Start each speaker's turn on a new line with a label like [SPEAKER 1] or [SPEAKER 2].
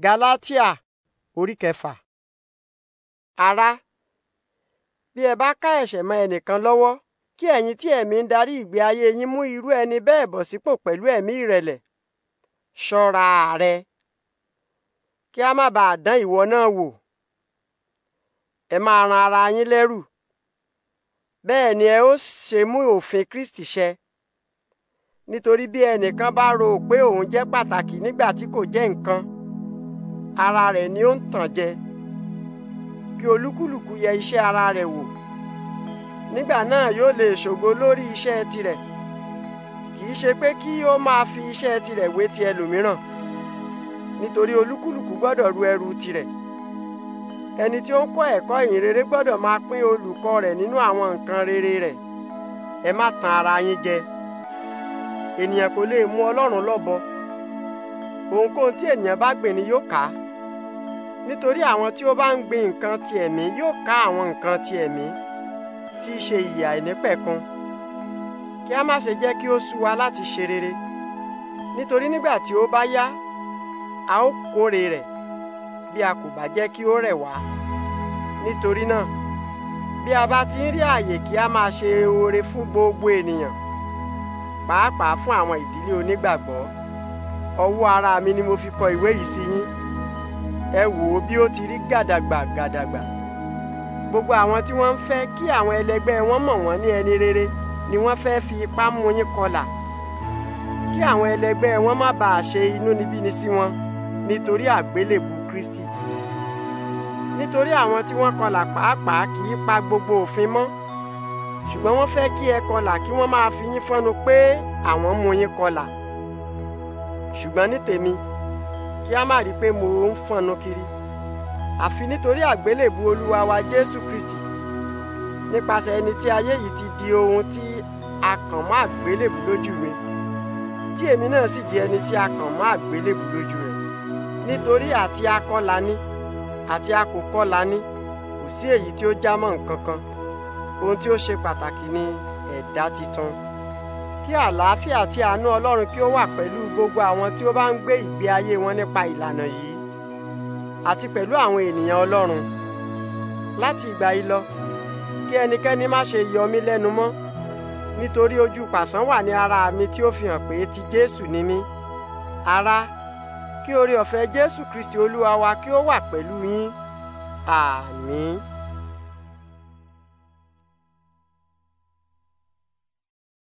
[SPEAKER 1] Galatia orí kẹfà. ara bí ẹ bá ká ẹ̀ṣẹ̀ mọ́ ẹnìkan lọ́wọ́, kí ẹ̀yin tí ẹ̀mí ń darí ìgbé ayé yín mú irú ẹni bẹ́ẹ̀ bọ̀ sípò pẹ̀lú ẹ̀mí ìrẹ̀lẹ̀. Ṣọ́ra rẹ. Kí a má bàa dán ìwọ náà wò. Ẹ máa ran ara yín lẹ́rù. Bẹ́ẹ̀ ni ẹ ó ṣe mú òfin Kristi ṣẹ. Nítorí bí ẹnìkan bá rò pé òun jẹ́ pàtàkì nígbà tí kò jẹ́ nǹkan ara rẹ̀ ni ó ń tàn jẹ kí olúkúlùkù yẹ iṣẹ́ ara rẹ̀ wò nígbà náà yóò lè ṣògo lórí iṣẹ tirẹ. kì í ṣe pé kí ó máa fi iṣẹ tirẹ wé ti ẹlòmíràn nítorí olúkúlùkù gbọdọ ru ẹrù tirẹ. ẹni tí ó ń kọ́ ẹ̀kọ́ ìyìn rere gbọ́dọ̀ máa pín olùkọ́ rẹ̀ nínú àwọn nǹkan rere rẹ. ẹ má tan ara yín jẹ ènìyàn kò lè mú ọlọrun lọ́bọ ohunkóhun tí ènìyàn bá gbìn ni yóò ká á. nítorí àwọn tí ó bá ń gbin nǹkan ti ẹ̀mí yóò ká àwọn nǹkan ti ẹ̀mí tí í ṣe ìyà àìnípẹ̀kun kí a má ṣe jẹ́ kí ó sú wa láti ṣe rere nítorí nígbà tí ó bá yá a ó kórè rẹ̀ bí a kò bá jẹ́ kí ó rẹ̀ wá nítorí náà bí a bá ti ń rí àyè kí a máa ṣe oore fún gbogbo ènìyàn pàápàá fún àwọn ìdílé onígbàgbọ́ ọwọ́ ara mi ni mo fi kọ ìwé yìí sí yín ẹ wò ó bí ó ti rí gàdàgbà gàdàgbà gbogbo àwọn tí wọ́n ń fẹ́ kí àwọn ẹlẹgbẹ́ wọn mọ̀ wọ́n ní ẹni rere ni wọ́n fẹ́ fi ipá mú yín kọlà kí àwọn ẹlẹgbẹ́ wọn má bàa ṣe inúnibíni sí wọn nítorí àgbélébù Kristi nítorí àwọn tí wọ́n kọlà pàápàá kì í pa gbogbo òfin mọ́ ṣùgbọ́n wọ́n fẹ́ kí ẹ kọlà kí wọ́n máa fi yín fọ́nu pé àwọn mú yín kọlà ṣùgbọ́n ní tèmi kí a má rí i pé mo ń fọnnu kiri àfi nítorí àgbélébù olúwa wa jésù kristi nípasẹ̀ ẹni tí ayé yìí ti di ohun tí a kàn mọ́ àgbélébù lójú mi tí èmi náà sì di ẹni tí a kàn mọ́ àgbélébù lójú rẹ̀ nítorí àti akọ́la àti akòkọ́la kò sí èyí tí ó já nǹkan kan ohun tí ó ṣe pàtàkì ni ẹ̀dá titun kí àlàáfíà àti àánú Ọlọ́run kí ó wà pẹ̀lú gbogbo àwọn tí ó bá ń gbé ìgbé ayé wọn nípa ìlànà yìí àti pẹ̀lú àwọn ènìyàn Ọlọ́run láti ìgbà yìí lọ kí ẹnikẹ́ni má ṣe yọ mí lẹ́nu mọ́ nítorí ojú pàṣán wà ní ara mi tí ó fi hàn pé ti Jésù ni mí ará kí oore ọ̀fẹ́ Jésù Kristi Olúwa wa kí ó wà pẹ̀lú yín àmín. Ah,